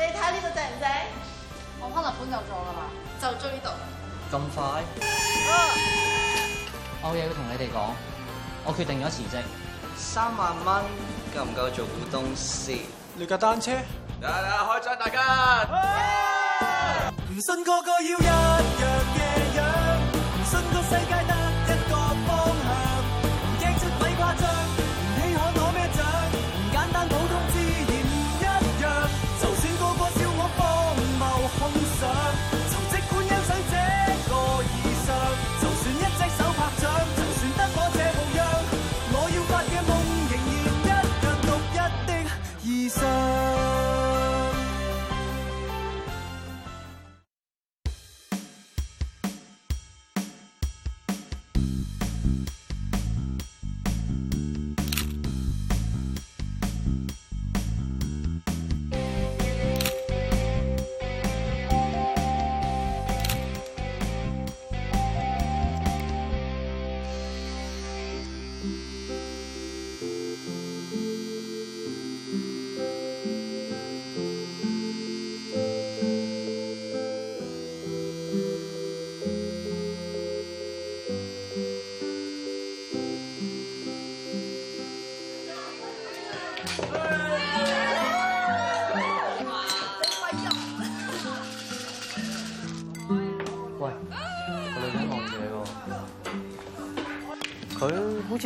你睇呢度正唔正？我可能本就做噶嘛，就追到！咁快？啊、我有嘢要同你哋講，我決定咗辭職。三萬蚊夠唔夠做股東事？你架單車？嚟嚟嚟，開樽大家！唔信個個要人。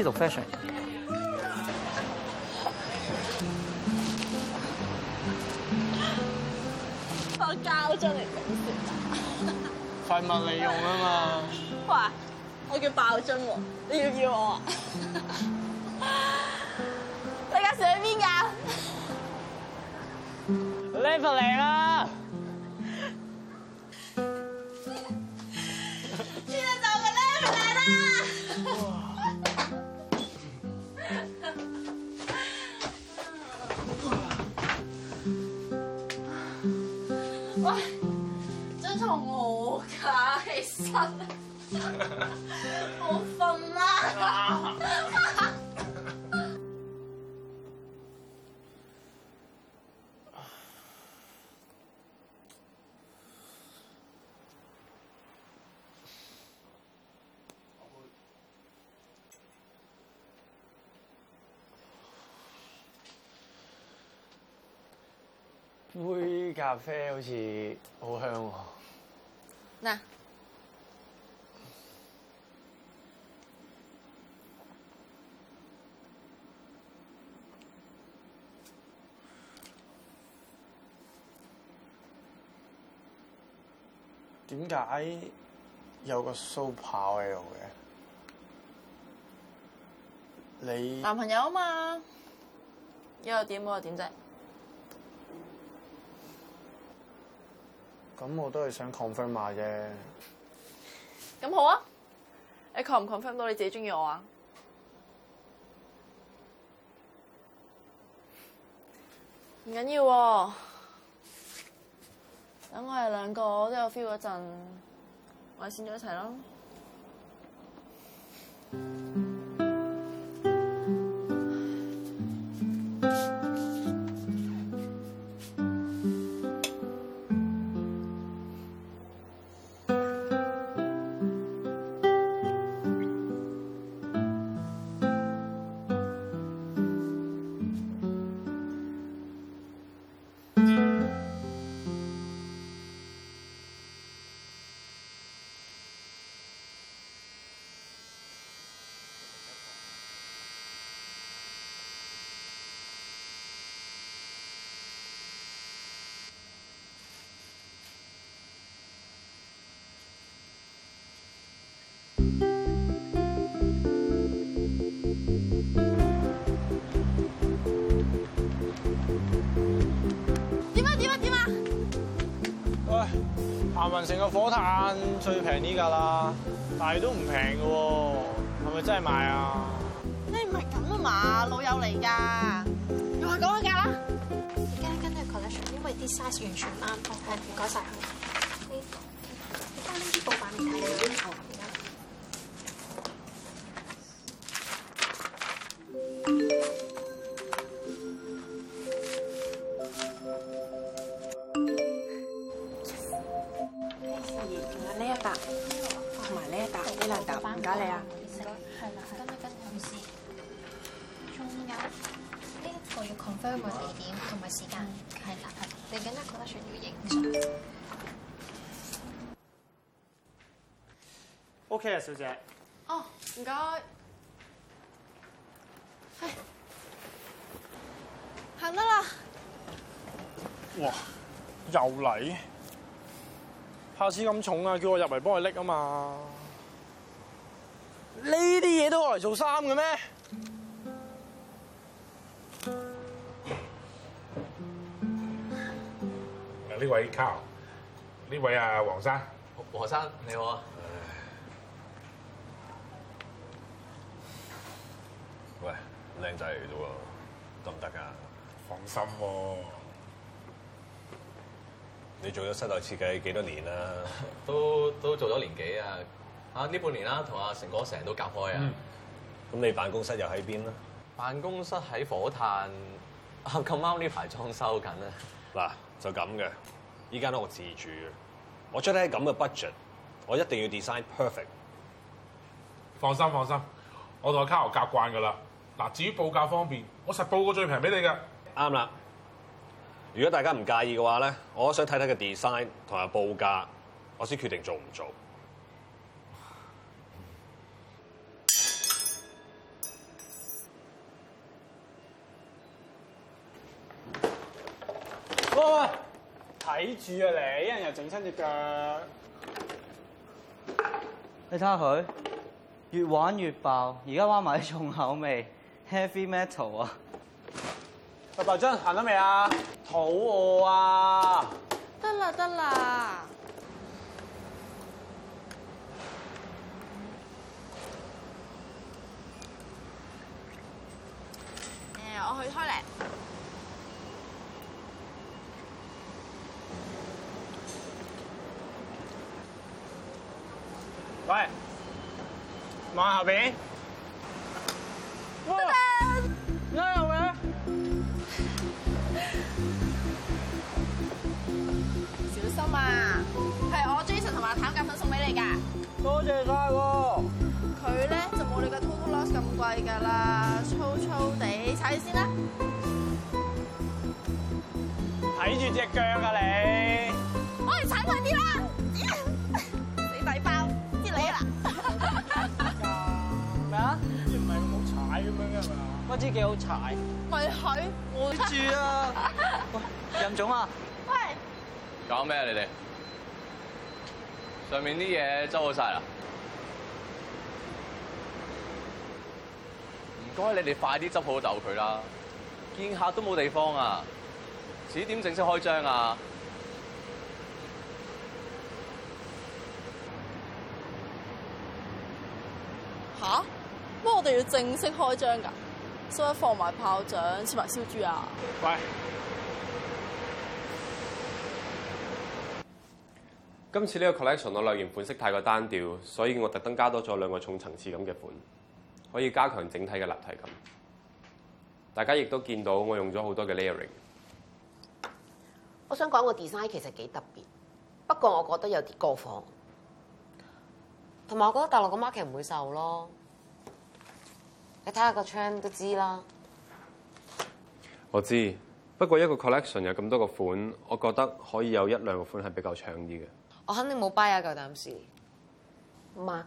做 fashion，我膠樽出嚟點先？廢物利用啊嘛，哇！我叫爆樽喎，你要唔要我啊？你家上邊教？Level 零啦。杯咖啡好似好香喎，啊呢。嗱、so，點解有個蘇跑喺度嘅？你男朋友啊嘛？又點？又點啫？咁我都係想 confirm 下啫，咁好啊！你確唔 confirm 到你自己中意我啊？唔緊要喎，等我哋兩個都有 feel 嗰陣，我哋先咗一齊咯。嗯雲城個火炭最平呢㗎啦，但係都唔平嘅喎，係咪真係賣啊？你唔係咁啊嘛，老友嚟㗎，我係講緊價啦。而家跟住 collection，因為啲 size 完全啱，係唔該曬。K 小姐。哦，唔該。行得啦。哇，又嚟？怕死咁重啊！叫我入嚟幫佢拎啊嘛。呢啲嘢都攞嚟做衫嘅咩？誒呢位 Carol，呢位啊黃生。黃生，你好。靚仔嚟啫喎，得唔得㗎？行行啊，放心喎。啊，你做咗室內設計幾多年啦？都都做咗年幾啊。啊呢半年啦，同阿成哥成日都隔開啊。咁，嗯、你辦公室又喺邊啦？辦公室喺火炭，咁啱呢排裝修緊啊。嗱，就咁嘅，依家都我自住，我出啲咁嘅 budget，我一定要 design perfect。放心放心，我同阿卡豪夾慣㗎啦。嗱，至於報價方面，我實報個最平俾你㗎。啱啦，如果大家唔介意嘅話咧，我都想睇睇個 design 同埋報價，我先決定做唔做。喂喂，睇住啊你，一人又整親隻腳。你睇下佢，越玩越爆，而家玩埋啲重口味。Heavy metal 啊！爸爸真行得未啊？肚餓啊！得啦得啦！誒，我去開咧。喂，望後面。嘛，係我 Jason 同埋談夾份送俾你噶。多謝晒喎。佢咧就冇你嘅 Total Loss 咁貴噶啦，粗粗地踩先啦。睇住隻腳啊你！我哋踩快啲啦！你底包啲麼你啦。咩啊？知唔係咁好踩咁樣噶嘛？我知幾好踩。咪係我。住啊！喂，任總啊！講咩啊？你哋上面啲嘢執好晒啦？唔該，你哋快啲執好就佢啦！見客都冇地方啊！遲點正式開張啊？吓、啊？乜我哋要正式開張噶所以放埋炮仗，切埋燒豬啊？喂！今次呢個 collection 我類型款式太過單調，所以我特登加多咗兩個重層次咁嘅款，可以加強整體嘅立體感。大家亦都見到我用咗好多嘅 layering。我想講個 design 其實幾特別，不過我覺得有啲過火，同埋我覺得大陸個 market 唔會受咯。你睇下個 trend 都知啦。我知，不過一個 collection 有咁多個款，我覺得可以有一兩個款係比較搶啲嘅。我肯定冇 buyer 夠膽試。Mark，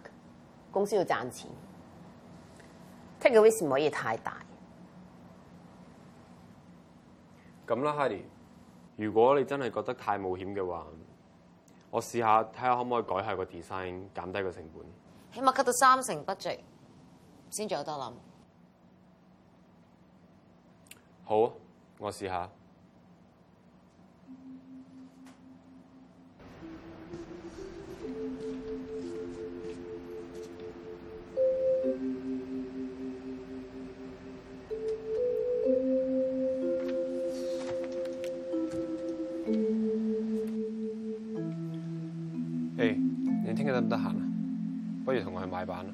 公司要賺錢，mm hmm.，take a risk 唔可以太大。咁啦 Heidi 如果你真係覺得太冒險嘅話，我試下睇下可唔可以改下個 design，減低個成本。起碼 cut 到三成 budget，先再有得諗。好，我試下。你得唔得閒啊？不如同我去買板啦。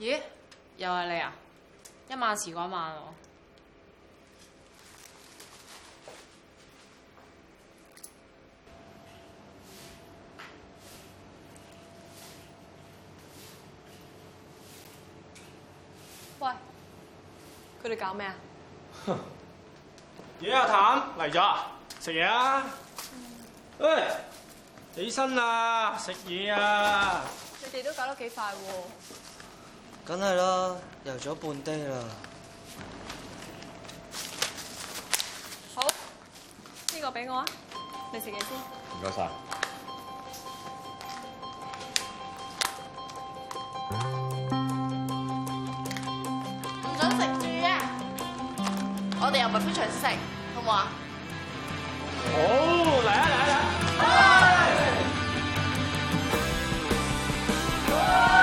咦、哦啊？又係你啊？一晚遲過一晚了。喂，佢哋搞咩啊？嘢，阿談嚟咗，食嘢啊！喂，起身啦，食嘢啊！你哋都搞得幾快喎？梗係啦，遊咗半滴啦。好，呢個俾我啊，你食嘢先。唔該晒。我非常識，好唔好來啊？好，嚟啊嚟啊嚟！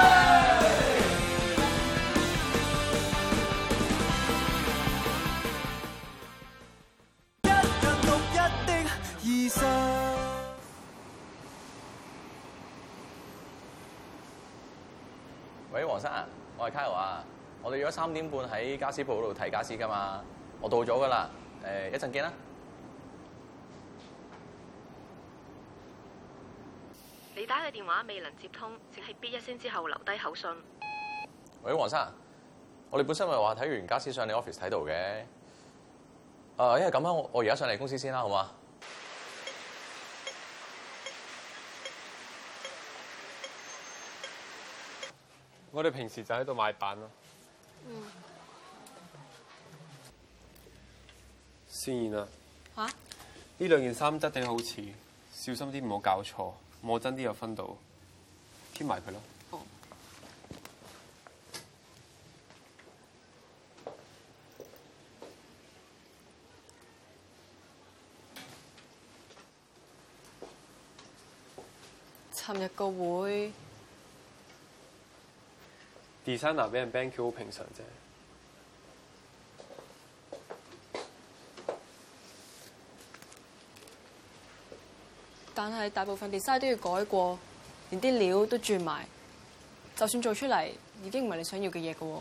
喂！一人一的衣裳。喂，黃生啊，我係 Caro 啊，我哋約咗三點半喺家私鋪度睇家私㗎嘛？我到咗噶啦，誒一陣見啦。你打嘅電話未能接通，請喺 B 一聲之後留低口信。喂，黃生，我哋本身咪話睇完家私上你 office 睇到嘅，誒、呃，因為咁啊，我我而家上嚟公司先啦，好嘛？我哋平時就喺度買板咯。嗯。自然啦。呢兩、啊啊、件衫質地好似，小心啲唔好搞錯，摸真啲有分度，貼埋佢咯。哦。尋日個會 designer 俾人 ban 咗好平常啫。但係大部分 design 都要改過，連啲料都轉埋，就算做出嚟已經唔係你想要嘅嘢嘅。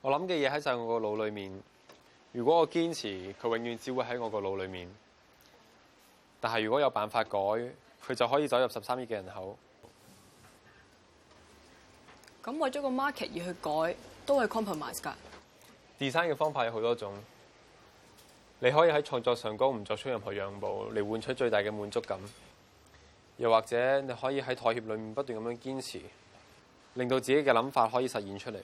我諗嘅嘢喺曬我個腦裏面，如果我堅持，佢永遠只會喺我個腦裏面。但係如果有辦法改，佢就可以走入十三億嘅人口。咁為咗個 market 而去改，都係 compromise 㗎。design 嘅方法有好多種。你可以喺創作上高唔作出任何讓步，嚟換取最大嘅滿足感。又或者你可以喺妥協裏面不斷咁樣堅持，令到自己嘅諗法可以實現出嚟。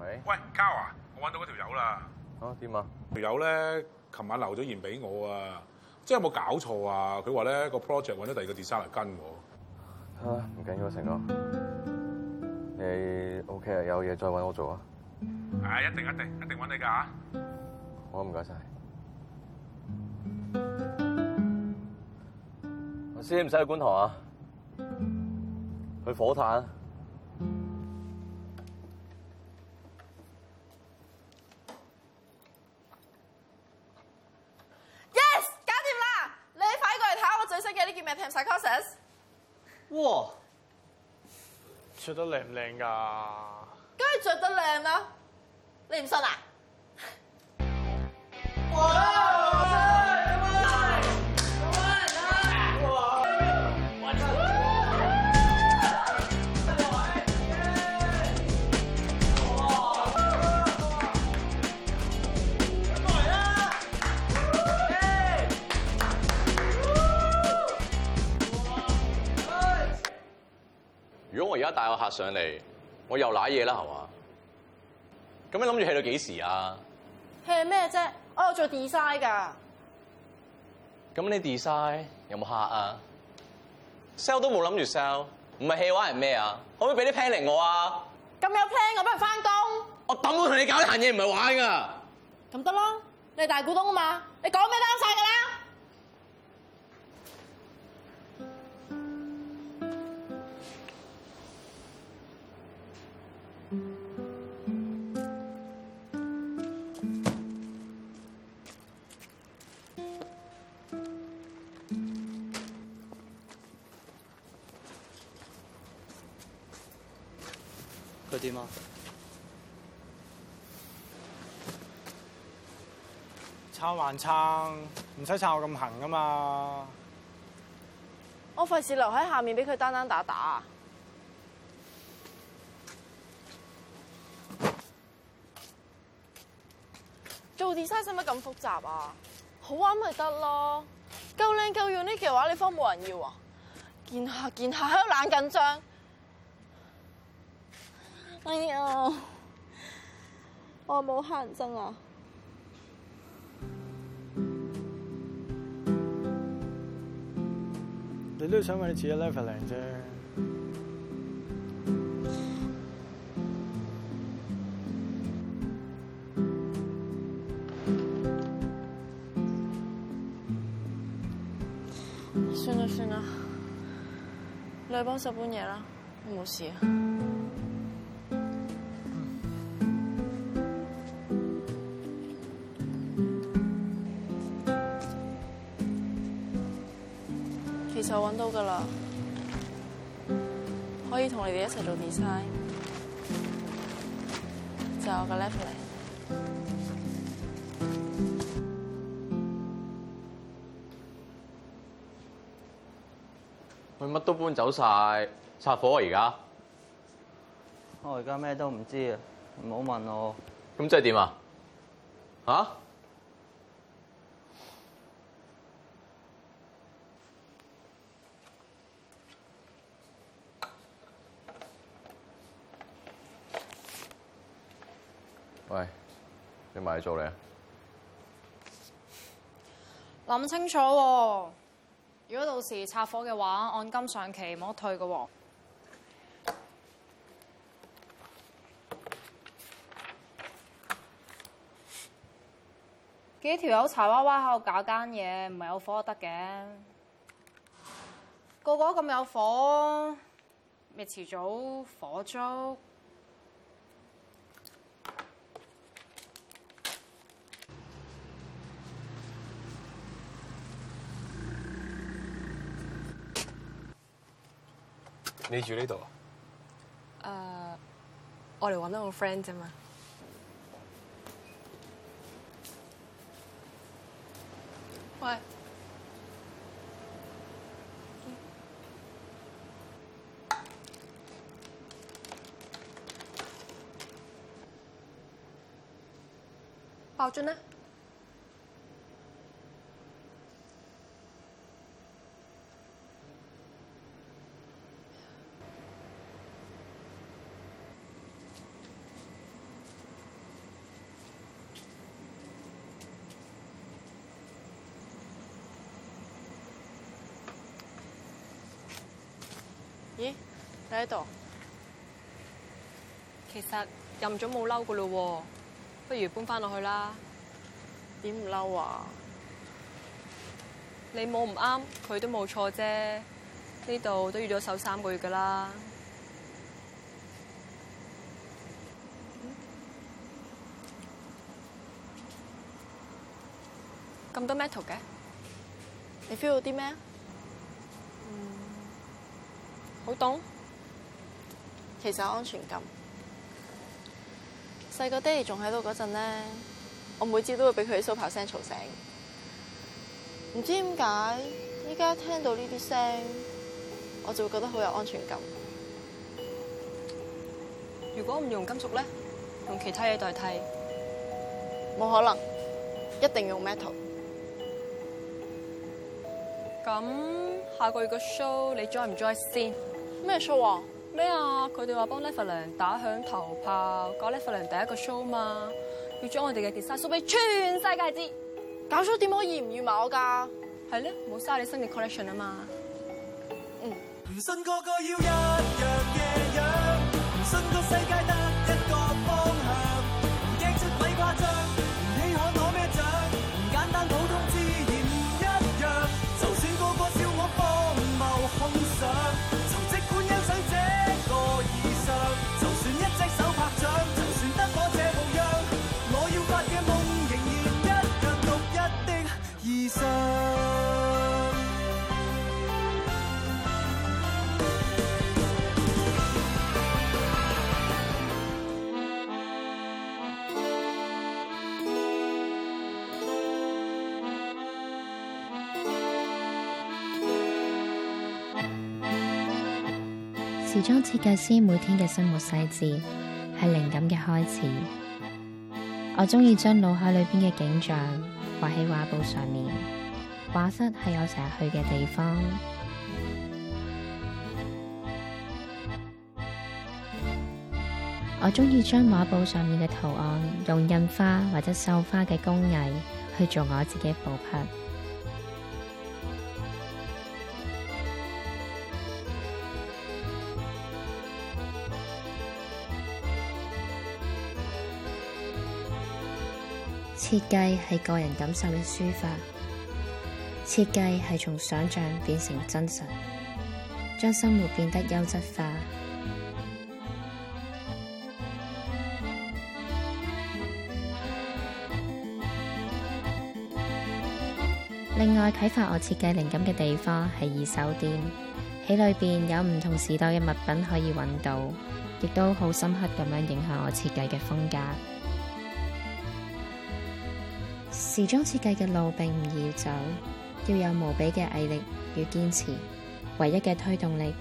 喂，喂，嘉華，我揾到嗰條友啦。Carl，啊，點啊？條友咧，琴晚留咗言俾我啊，即係有冇搞錯啊？佢話咧個 project 揾咗第二個 design 嚟跟我。嚇、啊，唔緊要，成哥。你 OK 啊？有嘢再搵我做啊！係，一定一定一定搵你噶啊！好，唔該晒。阿 Sir 唔使去觀塘啊，去火炭。Yes，搞掂啦！你快過嚟睇下我最新嘅呢件咩《t e m p s o s i s 哇！着得靚唔靚㗎？梗係着得靚啦，你唔信啊？如果我而家帶我客上嚟，我又攋嘢啦，係嘛？咁你諗住去到幾時啊？hea 咩啫？我有做 design 噶。咁你 design 有冇客啊？sell 都冇諗住 sell，唔係 hea 玩係咩啊？可唔可以俾啲 plan 嚟我啊？咁有 plan，我不如翻工。我等到同你搞壇嘢唔係玩噶。咁得囉，你係大股東啊嘛，你講咩都啱晒㗎啦。點啊？撐還撐，唔使撐我咁痕㗎嘛？我費事留喺下面俾佢單單打打做 design 使咁複雜啊？好玩咪得咯？夠靚夠用呢句話，你方冇人要啊！見下見下，喺度懶緊張。哎呀，我冇行憎啊！你都想為你自己 level 靚啫。算啦算啦，你幫手搬嘢啦，我冇事。我哋一齊做 design，就我個 left 嚟，乜都搬走晒，拆夥。而家我而家咩都唔知啊，唔好問我。咁即係點啊？啊？要買租嚟諗清楚喎、啊，如果到時拆夥嘅話，按金上期唔好退嘅喎、啊。幾條友柴娃娃喺度搞間嘢，唔係有火都得嘅，個個咁有火，咪遲早火燭。你住呢度啊？誒，uh, 我嚟揾 friend 啫嘛。喂。嗯、爆樽呢？喺度，在這裡其實任總冇嬲噶咯，不如搬翻落去啦。點唔嬲啊？你冇唔啱，佢都冇錯啫。呢度都預咗守三個月噶啦。咁、嗯、多 metal 嘅，你 feel 到啲咩？嗯，好凍。其實有安全感。細個爹哋仲喺度嗰陣咧，我每次都會俾佢啲蘇跑聲吵醒。唔知點解，依家聽到呢啲聲，我就會覺得好有安全感。如果唔用金屬咧，用其他嘢代替，冇可能，一定要用 metal。咁下個月個 show 你 join 唔 join 先？咩 show 啊？咩啊？佢哋話幫 Neverland 打響頭炮，搞 Neverland 第一個 show 嘛，要將我哋嘅 design show 俾全世界知，搞 show 點可以唔預埋我噶？係咧，冇嘥你新嘅 collection 啊嘛。嗯。大師每天嘅生活細節係靈感嘅開始。我鍾意將腦海裏邊嘅景象畫喺畫布上面。畫室係我成日去嘅地方。我鍾意將畫布上面嘅圖案用印花或者繡花嘅工藝去做我自己布匹。設計係個人感受嘅抒發，設計係從想象變成真實，將生活變得優質化。另外，啟發我設計靈感嘅地方係二手店，喺裏邊有唔同時代嘅物品可以搵到，亦都好深刻咁樣影響我設計嘅風格。時裝設計嘅路並唔易走，要有無比嘅毅力與堅持，唯一嘅推動力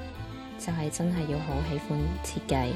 就係真係要好喜歡設計。